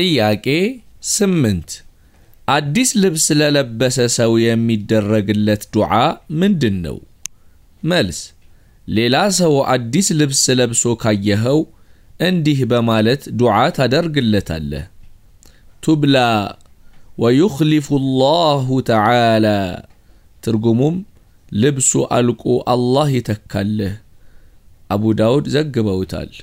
ጥያቄ ስምንት አዲስ ልብስ ለለበሰ ሰው የሚደረግለት ዱዓ ምንድን ነው? መልስ ሌላ ሰው አዲስ ልብስ ለብሶ ካየኸው እንዲህ በማለት ዱዓ ታደርግለታለህ። ቱብላ ወዩኽሊፉ ተዓላ። ትርጉሙም ልብሱ አልቆ አላህ ይተካልህ። አቡ ዳውድ ዘግበውታል።